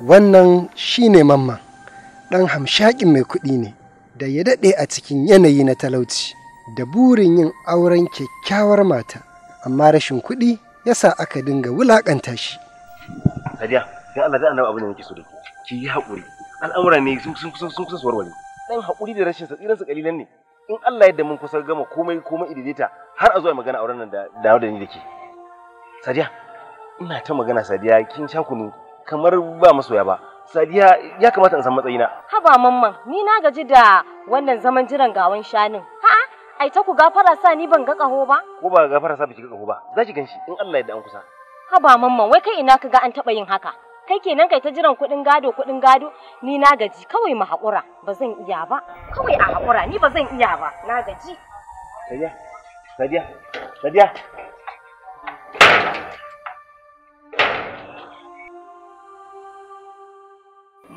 wannan shi ne mamman ɗan hamshakin mai kuɗi ne da ya daɗe a cikin yanayi na talauci da burin yin auren kyakkyawar mata amma rashin kuɗi ya sa aka dinga wulaƙanta shi. Sadiya, sai Allah da annabi abin da nake so da ke, ki yi haƙuri. Al'amura ne sun kusa sun warware. Dan haƙuri da rashin sa tsiransa ne. In Allah yadda mun kusa gama komai komai ididita har a zuwa magana auren nan da da ni da ke. Sadiya, ina ta magana Sadiya kin sha kunu kamar ba masoya ba sadiya ya kamata in san matsayina haba mamman ni na gaji da wannan zaman jiran gawan shanin ha ai ta ku gafara sa ni ban ga kaho ba ko ba gafara sa biki ga kaho ba za ki ganshi in Allah ya da an kusa haba mamman wai kai ina ka ga an taba yin haka kai kenan kai ta jiran kuɗin gado kuɗin gado ni na gaji kawai mu haƙura ba zan iya ba kawai a haƙura ni ba zan iya ba na gaji sadiya sadiya sadiya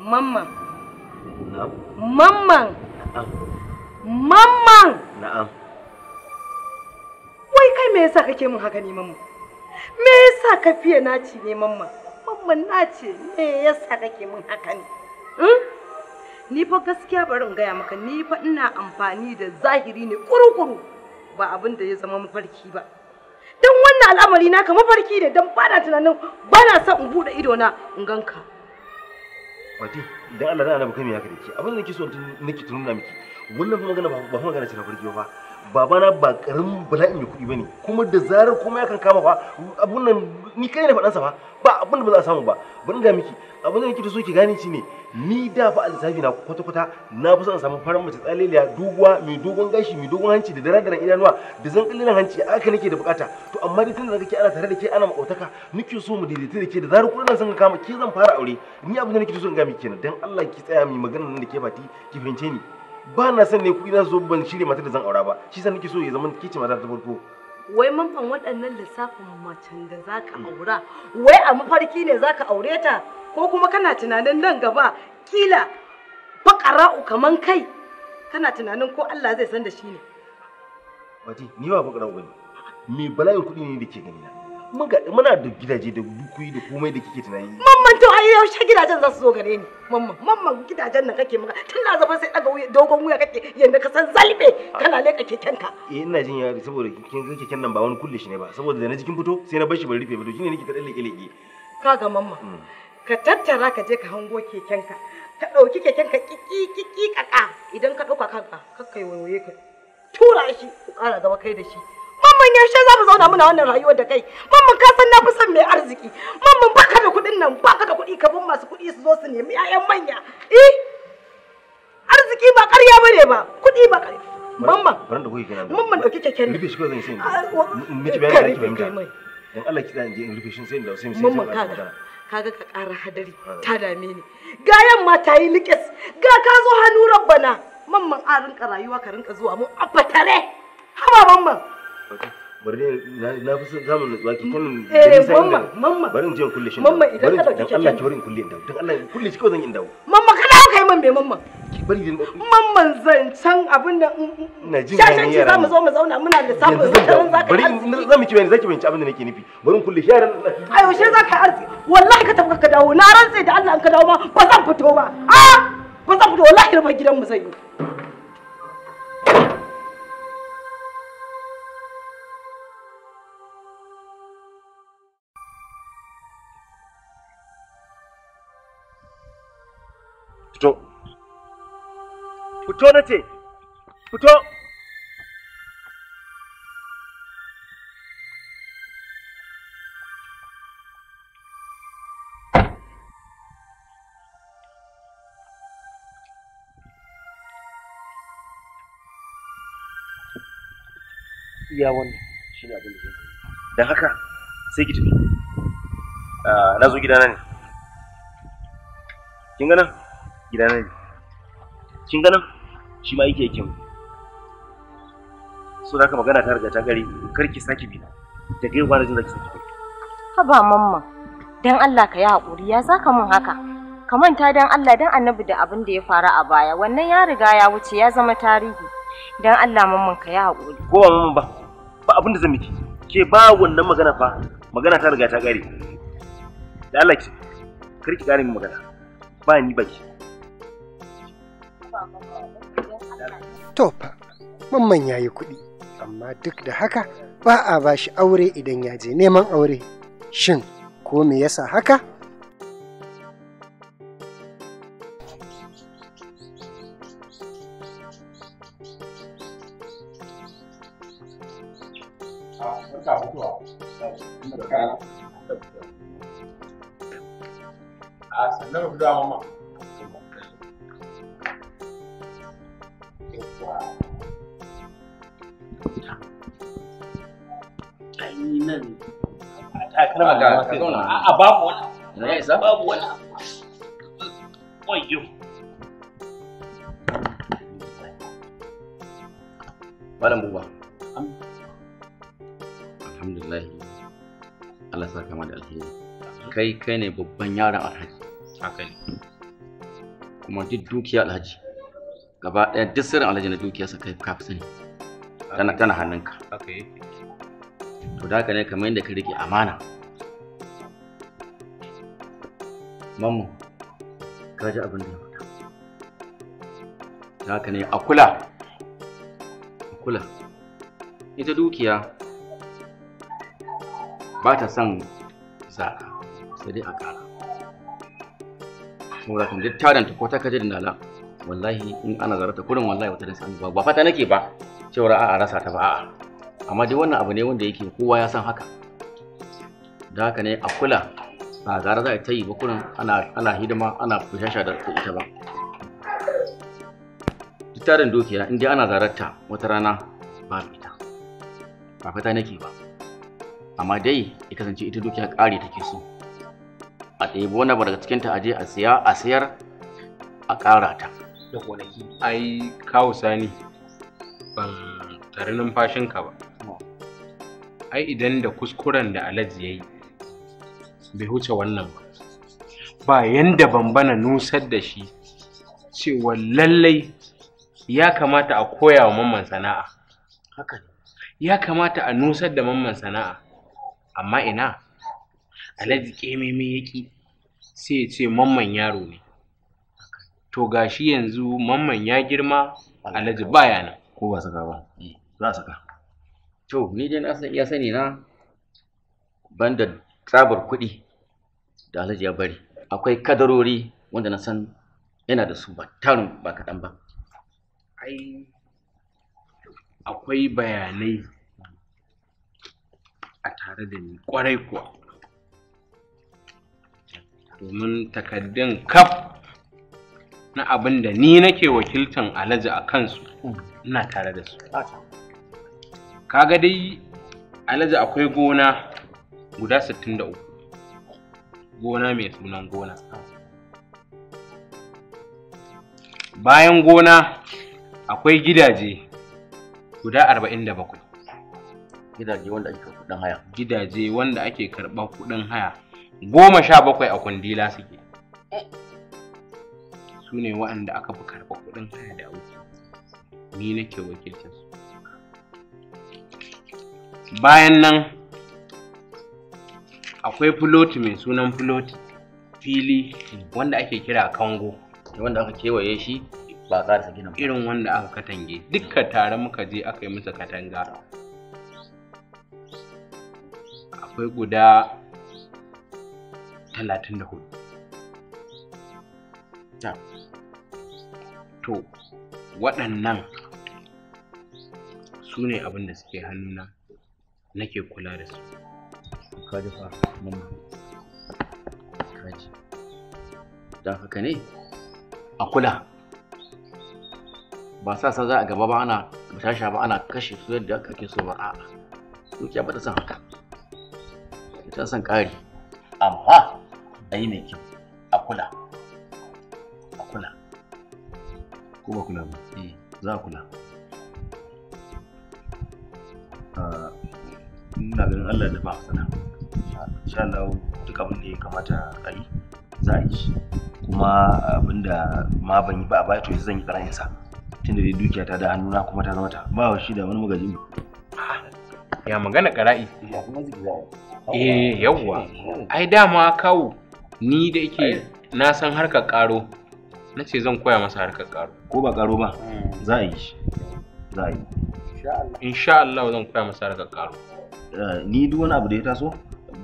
Mamman. Na'am. Mamman. Na'am. Mamman. Na'am. Wai kai me yasa kake min haka ne mamman? Me yasa ka fiye naci ne mamman? Mamman naci me yasa kake min haka ne? Hmm? Ni fa gaskiya bari in gaya maka ni fa ina amfani da zahiri ne kurukuru ba abin da ya zama mafarki ba. Don wannan al'amari naka mafarki ne don bana tunanin bana son in buɗe idona in ganka. Fati, dan Allah dan Allah ba ya me haka Abin da nake so nake tununa miki. Wannan magana ba magana ce na farko ba. Baba na ba karamin bala'in ya kuɗi bane kuma da zarar kuma kan kama fa abun nan ni kai ne faɗansa fa ba abun da ba za a samu ba bari ga miki abun da nake so ki gane shi ne ni da fa alisafi na kwata kwata na fi son samu farar mace tsaleliya duguwa mai dogon gashi mai dogon hanci da da daren idanuwa da zan kallilan hanci aka nake da bukata to amma dai tunda kake ana tare da ke ana makautaka nake so mu daidaita da ke da zarar kuɗin sun kama ke zan fara aure ni abun da nake so in ga miki kenan dan Allah ki tsaya mi magana nan da ke fati ki fahimce ni ba na son ne kuɗi na zo ban shirya matar da zan aura ba shi sa nake so ya zama kici mata ta farko wai mun fan waɗannan lissafin macen da zaka aura wai a mafarki ne zaka aure ta ko kuma kana tunanin nan gaba kila faƙara'u kaman kai kana tunanin ko Allah zai san da shi ne wati ni ba faƙara'u bane me bala'in kuɗi ne da ke ganina muna da gidaje da dukuyi da komai da kike tunani mamman to yaushe gidajen za su zo gare ni mamman mamman gidajen nan kake maka tun na zaban sai daga dogon wuya kake yanda ka san zalbe kana leka keken ka eh ina jin yari saboda kin keken nan ba wani kulle shi ne ba saboda da na jikin fito sai na bar shi ban rufe ba to shine nake ta dalle leke kaga mamma mm. ka tattara ka je ka hango keken ka ka dauki keken ka kiki kiki kaka idan ka dauka kanka kakkai wayoye ka tura shi ku kara gaba kai da shi Mamman yaushe za mu zauna muna wannan rayuwar da kai. Mamman ka san na fi son mai arziki. Mamman baka da kuɗin nan, baka da kuɗi kabin masu kuɗi su zo su nemi 'ya'yan manya. Eh? Arziki ba ƙarya bane ba, kuɗi ba ƙarya. Mamman. Bari da kuke kenan. Mamman dauki ne. Rufe shi ko zan yi sai. Ah, Miki bayan da kike mai. Dan Allah ki dan je in rufe shi sai in dawo sai mu sai. Mamman kaga. kaga ka ƙara hadari ta dame ni ga yamma ta yi likes ga ka zo hannu rabbana mamman a rinka rayuwa ka rinka zuwa mu a fatare haba mamman bari na fi son zamu nutsuwa ki kan eh mamma mamma bari in je kulle shi mamma idan ka dauki Allah ki bari in kulle in dawo dan Allah in kulle shi kawai zan dawo mamma ka kai man me mamma ki bari zan can abin da na jin gani yara zamu zo mu zauna muna da samu zan zaka bari in zamu ki zaki abin da nake nufi bari in kulle shi yaran ai zaka arzi wallahi ka ka dawo na rantsa da Allah in ka dawo ma ba zan fito ba a ah! ba zan fito wallahi rufe gidan mu zai yi fito na ce fito Ya wani shi ne abin da zai Da haka sai ki tafi ah, na zo gidana ne kin gana gidana ne kin gana shi ma yake yake so da ka magana ta riga ta gari karki saki bi da gai gwana jin zaki saki haba mamma dan Allah ka yi hakuri ya saka mun haka ka manta dan Allah dan annabi da abin da ya faru a baya wannan ya riga ya wuce ya zama tarihi dan Allah mamman ka yi hakuri ko ba mamman ba ba abin da zan miki ke ba wannan magana fa magana ta riga ta gari da Allah ki karki gane min magana ba ni ba ki To fa, mamman ya yi kuɗi, amma duk da haka ba a ba shi aure idan ya je neman aure. Shin, ko me yasa haka? Ah, sannan mamma? nan takarma a babu wani ya isa babu wani malam buba alhamdulillah Allah sa kama da alheri kai kai ne babban yaron alhaji haka ne kuma duk dukiya alhaji gaba ɗaya duk sirrin alhaji na sa kai ka sani tana tana hannunka to da haka ne kamar yadda ka rike amana mamu ka ji abin da ya fita da haka ne a kula a kula ita dukiya ba ta son zaɓa sai dai a ƙara saboda kan duk tarin ta ko ta kaji da nala wallahi in ana zarata kurin wallahi wata rinsa. ba ba fata nake ba cewa a'a rasa ta ba a'a amma dai wannan abu ne wanda yake kowa ya san haka da haka ne a kula ba gara za a ta yi ba kurin ana hidima ana fushasha da ita ba duk tarin dukiya in dai ana zararta wata rana ba ita ba fata nake ba amma dai ya kasance ita dukiya ƙari take so a ɗebi wani daga cikinta aje a siya a siyar a ƙara ta da gonaki ai kawo sani ban tare numfashinka ba oh. ai idan da kuskuren da alaji ya yi bai huce wannan ba ba yanda bambana nusar da shi cewa lallai ya kamata a koya wa mamman sana'a haka ya kamata a nusar da mamman sana'a amma ina alaji kememe yaki sai ya ce mamman yaro ne to gashi yanzu mamman ya girma alhaji baya nan ko ba saka ba hmm. za a saka to ni dai na san iya sani na banda tsabar kuɗi da alhaji ya bari akwai kadarori wanda na san yana da su ba ba kaɗan ba ai akwai bayanai a tare da ni kwarai kuwa domin takaddun kaf na abin da ni nake wakiltan alhaji a kansu ina tare da su kaga dai alhaji akwai gona guda 63 gona mai sunan gona bayan gona akwai gidaje guda 47 gidaje wanda ake kudin haya gidaje wanda ake karɓar kudin haya goma sha bakwai a kundila suke su ne waɗanda aka fi karɓa kuɗin haya da aure ni nake wakilcin su bayan nan akwai filoti mai sunan filoti fili wanda ake kira kango wanda aka kewaye shi ba ƙarsa gina irin wanda aka katange dukka tare muka je aka yi masa katanga akwai guda talatin to waɗannan su ne abin da suke hannuna nake kula da su kaji fa mamma kaji don haka ne a kula ba sa sa za a gaba ba ana tasha ba ana kashe su yadda ke so ba a'a dukiya ba ta san haka ta san ƙari amma a yi mai kyau a kula ko ba kula ba eh. za a kula ah, ina ganin allah da ba sana ah, insha Allah duk abin da ya kamata a yi za a yi shi kuma abin da ma ban yi ba a baya to zan yi tsarayin sa tunda dai dukiya ta da hannuna kuma ta zama ta ba wa shi da wani magaji ne ya magana kara'i eh yawwa eh, ai dama kawo ni da ike na san harkar karo na ce zan koya masa harkar karo ko ba karo ba hmm. za a yi shi za a yi insha Allah zan koya masa harkar karo ni duk wani abu da ya taso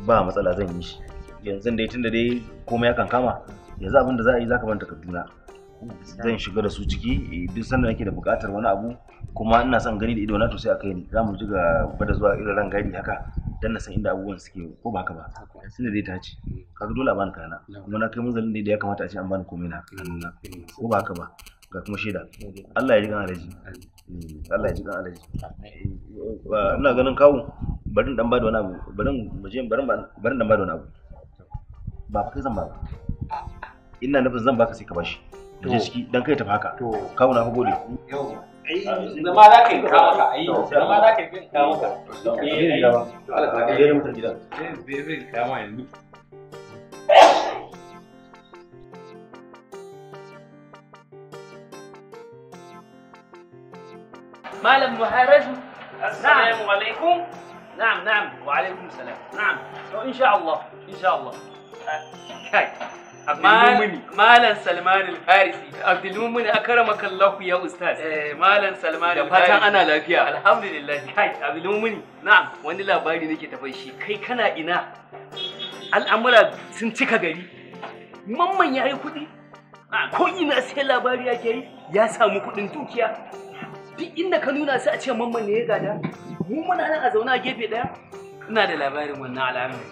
ba matsala zan yi shi yanzu dai tunda dai komai ya kama yanzu abin da za a yi zaka banta Kaduna zan shiga da su ciki eh, duk sanda nake da buƙatar wani abu kuma ina son gani da ido na to sai a kai ni za mu ji ga bada zuwa irin ran haka dan na san inda abubuwan suke ko ba haka ba tunda zai tace ce mm. kaga dole a bani kana kuma na kai munzalin da ya kamata a ce an bani komai na mm. ko ba haka ba ga kuma shaida Allah ya ji kan alaji mm. Allah ya ji kan alaji ina ganin kawo barin dan ba da wani abu barin mu je barin barin dan ba da wani abu ba fa kai zan ba ina nufin zan baka sai ka bashi ka je ciki dan kai tafi haka kawo na fa gode yau zama za ka yi kawo ka ayi zama za ka yi kawo ka eh ala ka ga mutan gidan eh bai bai kawo yanzu معلم مهرج السلام نعم. عليكم نعم نعم وعليكم السلام نعم ان شاء الله ان شاء الله هاي Malam Salman al-Farisi. Abdulmumin akaramaka Allahu ya ustaz. Eh Malam Salman al-Farisi. Da fatan ana lafiya. Alhamdulillah. Kai Abdulmumin. Na'am, wani labari nake tafai shi. Kai kana ina? Al'amura sun cika gari. Mamman ya yi kuɗi. Ko ina sai labari yake yi. Ya samu kuɗin dukiya. Duk inda ka nuna sai a ce mamman ne ya gada. Mu muna a zauna a gefe ɗaya. Ina da labarin wannan al'amarin.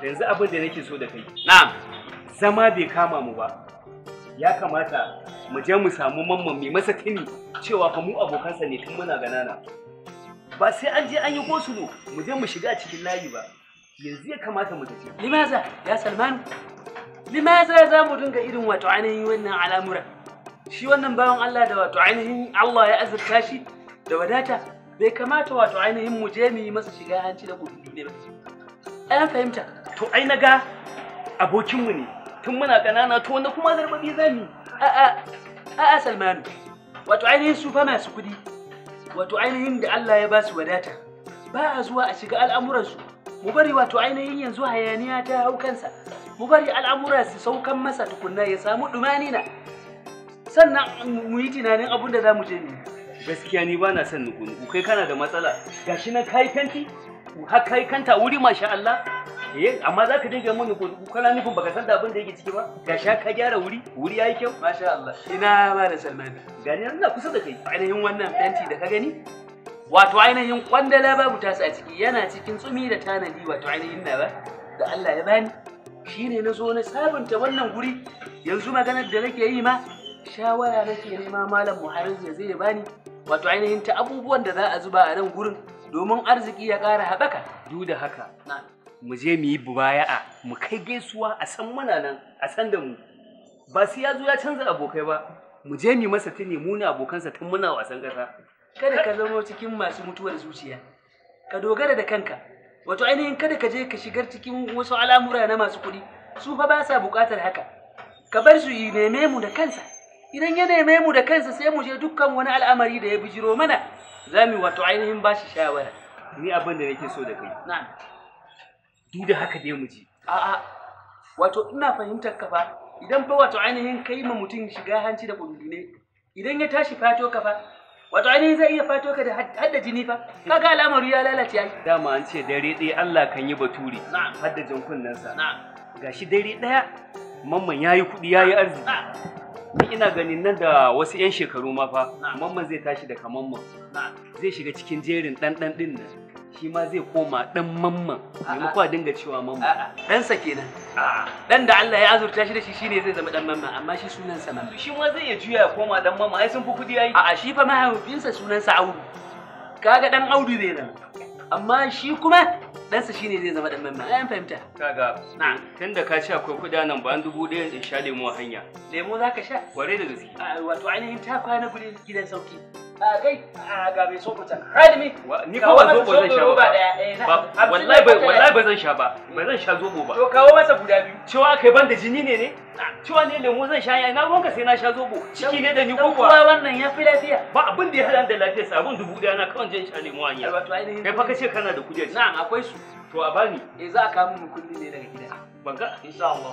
Yanzu abin da nake so da kai. Na'am. zama bai kama mu ba ya kamata mu je mu samu mamman mai masa tuni cewa fa mu abokansa ne tun muna ganana ba sai an je an yi gosulo mu je mu shiga cikin layi ba yanzu ya kamata mu tafi limaza ya salman limaza za mu dinga irin wato ainihin wannan al'amura shi wannan bawan Allah da wato ainihin Allah ya azurta shi da wadata bai kamata wato ainihin mu je mu yi masa shiga hanci da kudin ne ba an fahimta to ai na ga abokinmu ne tun muna ƙanana to wanda kuma zarbabi zan yi. a'a salmanu wato ainihin su fa masu kuɗi wato ainihin da Allah ya ba su wadata ba a zuwa a shiga al'amuransu mu bari wato ainihin yanzu hayaniya ta hau kansa mu bari al'amura su saukan masa tukunna ya samu dumani na sannan mu yi tunanin abin da za mu je ne gaskiya ni ba na son nuku kai kana da matsala gashi na kai kanti har kai kanta wuri masha Allah eh amma zaka dinga mun kana nufin baka san da abin da yake ciki ba ga sha ka gyara wuri wuri yayi kyau masha Allah ina ba da Salman gani nan kusa da kai ainihin wannan fenti da ka gani wato ainihin kwandala babu tasa a ciki yana cikin tsumi da tanadi wato ainihin na ba da Allah ya bani shine na zo na sabunta wannan guri yanzu maganar da nake yi ma shawara nake nema malam Muharriz ya zai bani wato ainihin ta abubuwan da za a zuba a nan gurin domin arziki ya ƙara haɓaka duk da haka mu je mu yi bubaya'a mu kai gaisuwa a san muna nan a san da mu ba sai ya zo ya canza abokai ba mu je mu masa tuni mu ne abokansa tun muna wasan ƙasa kada ka zama cikin masu mutuwar zuciya ka dogara da kanka wato ainihin kada ka je ka shigar cikin wasu al'amura na masu kuɗi su fa ba sa buƙatar haka ka bar su yi neme mu da kansa idan ya neme mu da kansa sai mu je dukkan wani al'amari da ya bijiro mana za mu wato ainihin ba shi shawara ni abin da nake so da kai na'am duk da haka dai mu je a'a wato ina fahimtar ka fa idan fa wato ainihin kai ma mutum shiga hanci da ne, idan ya tashi fato ka fa wato ainihin zai iya fato ka da hadda jini fa kaga al'amari ya lalace ai dama an ce dare ɗaya Allah kan yi baturi na'am hadda nan sa na'am gashi dare ɗaya mamman yayi kuɗi yayi arziki ni ina ganin nan da wasu 'yan shekaru ma fa mamman zai tashi da kamamman zai shiga cikin jerin ɗanɗan ɗin nan shi ma zai koma dan mamman maimako a dinga cewa mamman ɗansa kenan dan da Allah ya azurta shi da shi shine zai zama dan mamman amma shi sunansa mamman shi ma zai iya juya ya koma dan mamman ai sun fi kuɗi yayi a'a shi fa mahaifinsa sunansa Audu kaga dan Audu zai zama amma shi kuma ɗansa shine zai zama dan mamman ai fahimta kaga na da ka ce akwai nan ba an dubu ɗaya in sha lemo hanya lemo zaka sha kware da gaske wato ainihin ta kwana gudun gidan sauki kagai ga mai so mutum ni ko ba zobo zan sha ba eh, wallahi ba wallahi ba zan sha ba ba zan sha zobo ba to kawo masa guda biyu cewa kai banda jini ne ne ah, cewa ne lemu zan sha ya na gonka sai na sha zobo ciki ne da ni ko kuwa wannan ya fi lafiya ba abin da ya hada da lafiya sabon dubu daya na kawai jin sha lemu anya kai fa kace kana da kudi na'am akwai su to a bani eh za ka mun kulli ne daga gida ban ga insha Allah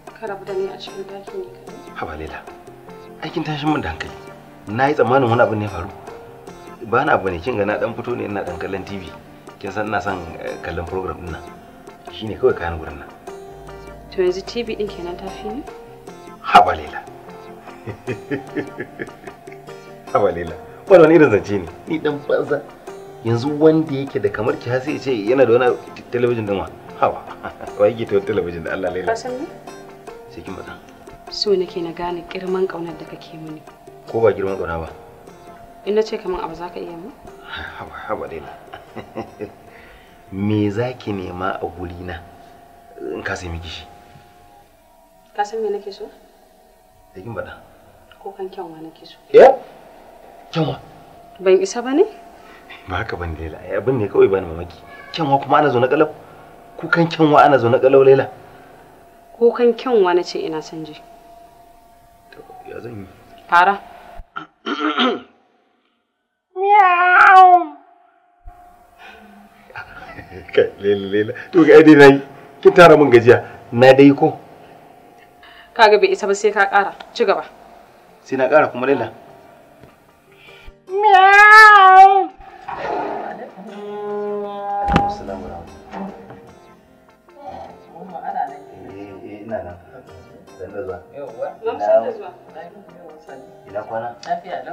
ka rabu da ni a cikin ne aikin tashin min da hankali. Na yi tsammanin wani abu ne faru. Ba na abu ne kin ga na dan fito ne ina dan kallon TV. Kin san ina son eh, kallon program din nan. Shine kawai kayan gurin nan. To yanzu TV din kenan ta fi ba Haba ha ba Laila, wani wani irin zance ne. Ni dan banza. Yanzu wanda yake da kamar ki hasi ya ce yana da wani talabijin din wa. Hawa, wai yake ta talabijin da Allah Laila. Ka san ni? sai kin faɗa so nake na gane girman ƙaunar da kake mini ko ba girman ƙauna ba in na ce kamar abu za ka iya mu haba haba dai na me za ki nema a guri na in ka sai miki shi ka san me nake so sai kin faɗa ko kan kyanwa nake so ya eh? kyanwa ban isa ba ne ba haka ban laila abin ne kawai bani mamaki kyanwa kuma ana zo na kalau kukan kyanwa ana zo na kalau laila ko kan kyanwa na ce ina son ji ya zan yi fara Miau. Kai lele to ga dai yi k'i tara min gajiya na dai ko ga bai isa ba sai ka ƙara ci gaba sai na ƙara kuma lela Lafiya Lafiya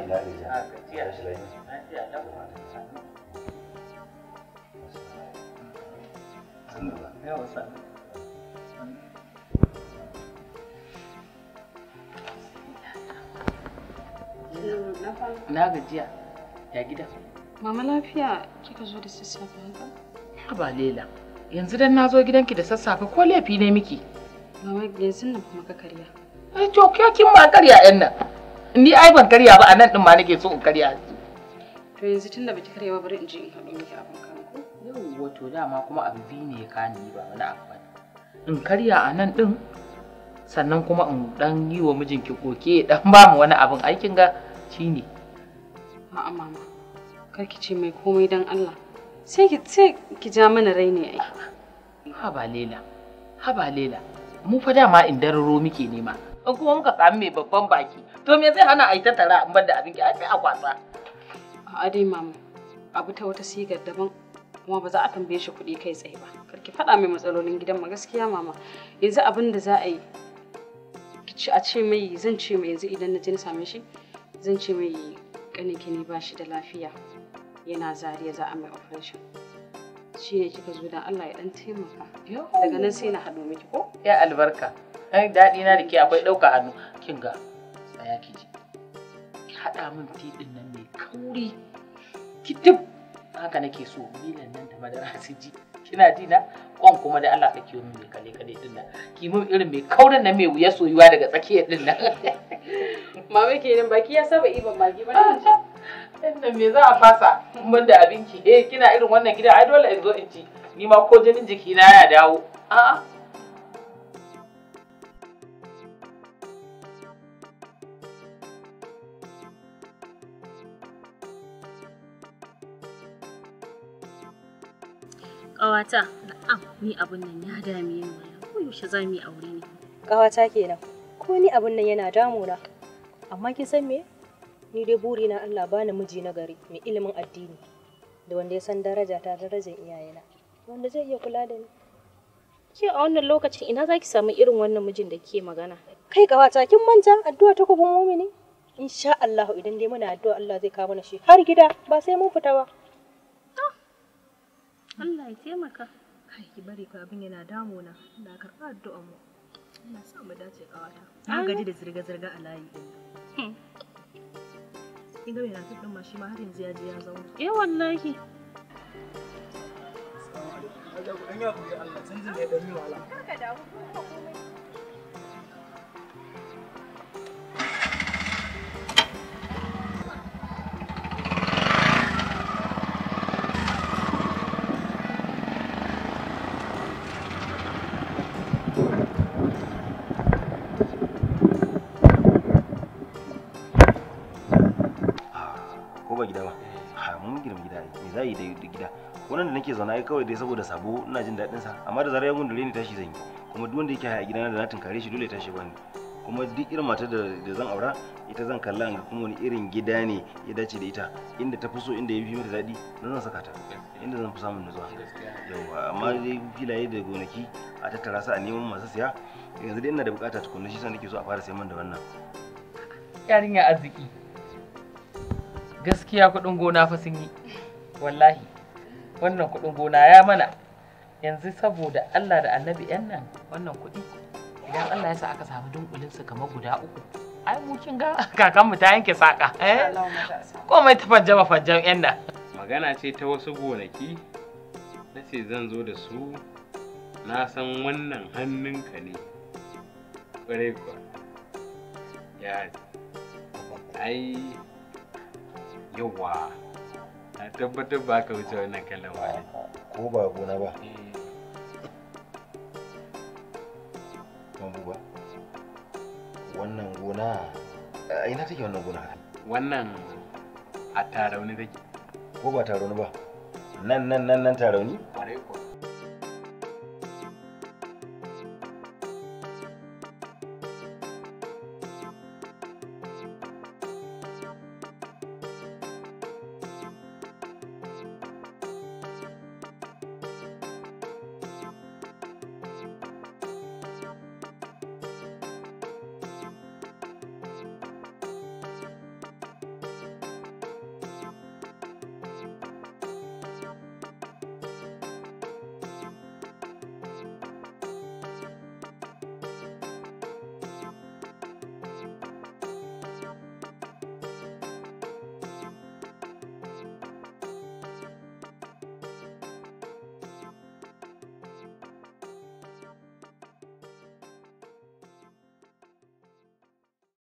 Na gajiya. Ya gida. Mama lafiya kika zo da sassafe haka? Haba Lela, yanzu dan na zo gidanki da sassafe ko laifi ne miki? Mama yanzu nan kuma ka karya. eh to ke kin ma karya yan nan ni ai ban karya ba a nan din ma nake so in karya to yanzu tunda baki karya ba bari in je in miki abin kan yau wato dama kuma ne ba wani abu ba in karya a nan din sannan kuma in dan yi wa mijinki koke dan ba mu wani abin aikin ga shine a'a mama kar ce mai komai dan Allah sai ki ce ki ja mana rai ne ai lela lela mu fa dama in dararo muke nema in kuma muka sami mai babban baki to me zai hana a yi tattara in bar da abin ki a kwasa a dai mama abu ta wata sigar daban kuma ba za a tambaye shi kuɗi kai tsaye ba karki faɗa mai matsalolin gidan ma gaskiya mama yanzu abin da za a yi a ce mai zan ce mai yanzu idan na je na same shi zan ce mai kanin ki ne ba da lafiya yana zariya za a mai operation shi kika zo dan Allah ya dan taimaka daga nan sai na haɗu miki ko ya albarka ai daɗi na da ke akwai ɗauka hannu kin ga tsaya ki ji ki haɗa min tiɗin nan mai kauri ki duk haka nake so milan nan da madara su ji kina ji na kwan kuma da Allah kake yi min mai kale kale ɗin nan ki min irin mai kaurin nan mai wuya soyuwa daga tsakiyar ɗin nan mama nan baki ya saba iban magi ba Inda me za a fasa mun da abinci eh kina irin wannan gida ai dole in zo in ci ni ma ko jinin jiki na ya dawo a'a Ƙawata, na'am ni abun nan ya dame ni Ko yaushe za mu yi aure ne? Ƙawata kenan. Ko ni abun nan yana damuna. Amma kin san me? Ni dai burina Allah bani miji na gari mai ilimin addini da wanda ya san daraja ta darajar iyayena. Wanda zai iya kula da ni. Ke a wannan lokacin ina za ki samu irin wannan mijin da ke magana? Kai ƙawata kin manta addu'a ta kuma mumini? Insha Allah idan dai muna addu'a Allah zai kawo mana shi har gida ba sai mun fita ba. Allah ya taimaka. Kai ki bari ka abin yana damuna. Na karɓa addu'ar mu. Allah sa mu dace kawata. Na gaji da zirga zirga a layi. Hmm. Kin ga yana tudin ma shi ma har yanzu ya je ya zauna. Eh wallahi. Assalamu alaikum. Allah ya kuri Allah. Sai zai da yi wala. Kar ka da hukunta komai. nake zaune ai kawai dai saboda sabo ina jin daɗin sa amma da zarar ya gundure ni tashi zan yi kuma duk wanda yake a gidana da na tunkare shi dole ya tashi bani kuma duk irin matar da zan aura ita zan kalla ga kuma wani irin gida ne ya dace da ita inda ta fi so inda ya fi mata daɗi nan zan saka ta inda zan fi samun nutsuwa yawa amma dai filaye da gonaki a tattara su a neman masu siya yanzu dai ina da bukata tukunna shi sa nake so a fara sayan da wannan yarinya arziki gaskiya kuɗin gona fa sun yi wallahi wannan kuɗin gona ya mana yanzu saboda Allah da annabi yan nan wannan kuɗi idan Allah ya sa aka samu dunkulin su kamar guda uku ai mu kin ga kakanmu ta yanke saka eh komai ta ba fanjan yan nan magana ce ta wasu gonaki na zan zo da su na san wannan hannun ka ne ƙwarai kuwa ya ai yawa na tabbatar ba ka wuce wannan kallon wani ko ba ba eh. ba wannan gona a ina take wannan gona wannan a tarauni take ko ba tarauni ba nan nan nan nan tarauni